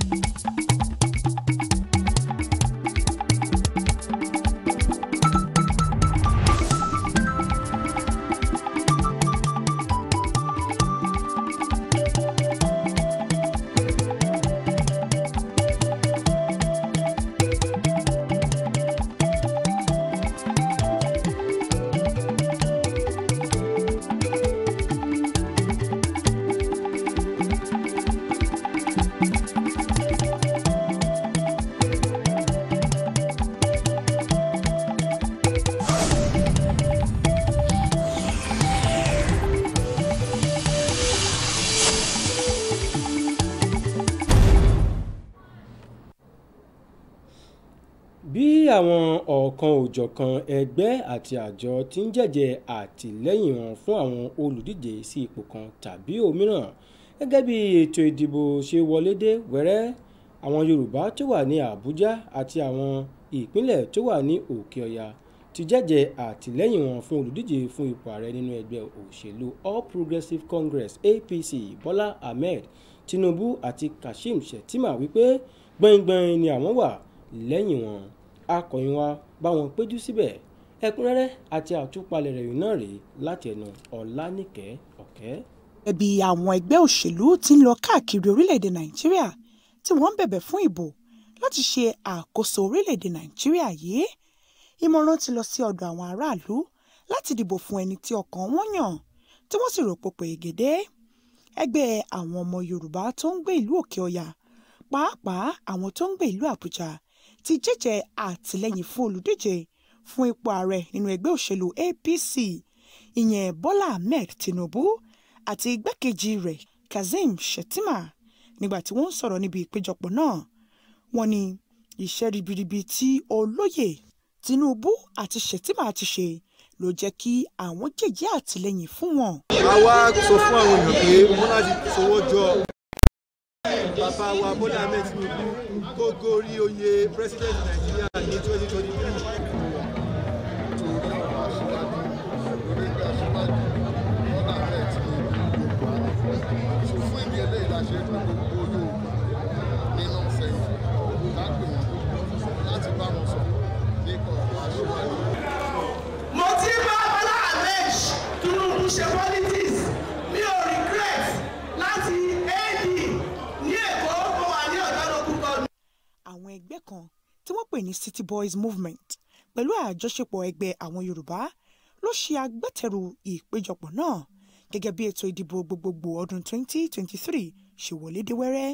thank you àwọn ọ̀kan òjọ̀kan ẹgbẹ́ àti àjọ ti ń jẹ́jẹ́ àtìlẹ́yìn wọn fún àwọn olùdíje sí ipò kan tàbí òmíràn gẹ́gẹ́ bí ètò ìdìbò ṣe wọlé dé wẹ́rẹ́ àwọn Yorùbá tó wà ní Àbújá àti àwọn ìpínlẹ̀ tó wà ní Òkè Ọya ti jẹ́jẹ́ àtìlẹ́yìn wọn fún olùdíje fún ipò ààrẹ nínú ẹgbẹ́ òṣèlú All Progressives Congress APC Bọ́lá Ahmed Tinubu àti Kashim Shettima wípé gbẹ̀ngbẹ̀ng ni àwọn wà lẹ́yìn wọn akọ̀yìn wa báwọn péjú síbẹ̀ ẹ̀kúnrẹ́rẹ́ àti àtúpalẹ̀ rẹ̀ náà rèé láti ẹnu ọ̀lànìkẹ́ ọ̀kẹ́. ẹ̀bi àwọn ẹgbẹ́ òṣèlú ti ń lọ káàkiri orílẹ̀-èdè nàìjíríà tí wọ́n ń bẹ̀bẹ̀ fún ìbò láti ṣe àkóso orílẹ̀-èdè nàìjíríà yìí ìmọ̀ràn ti lọ sí ọ̀dọ̀ àwọn aráàlú láti dìbò fún ẹni tí ọkàn wọn yàn tí wọ́n sì rò pé pèrègèdè ẹgbẹ́ àwọn ọmọ yorùbá tó ń gbé ìlú òkè ọ̀yà pàápàá ti jíjẹ́ àtìlẹ́yìn fún olùdíje fún ipò ààrẹ nínú ẹgbẹ́ òṣèlú APC ìyẹn Bọ́lá Ahmed Tinubu àti igbákejì rẹ̀ Kazeem Shettima nígbà tí wọ́n ń sọ̀rọ̀ níbi ìpéjọpọ̀ náà wọ́n ní iṣẹ́ ribiribi tí olóyè Tinubu àti Shettima ti ṣe ló jẹ́ kí àwọn jèjì àtìlẹ́yìn fún wọn. àwa sọ fún àwọn èèyàn pé wọ́n láti sọwọ́ jọ bàbá wa Bọ́lá Ahmed Tinubu tó gorí oyè president Nàìjíríà ní twenty twenty three. fún ìdílé pè ní City Boys Movement pẹ̀lú àjọṣepọ̀ ẹgbẹ́ àwọn Yorùbá ló ṣe agbátẹrù ìpéjọpọ̀ náà gẹ́gẹ́ bí ètò ìdìbò gbogbogbò ọdún 2023 ṣe wọlé dé wẹ́rẹ́.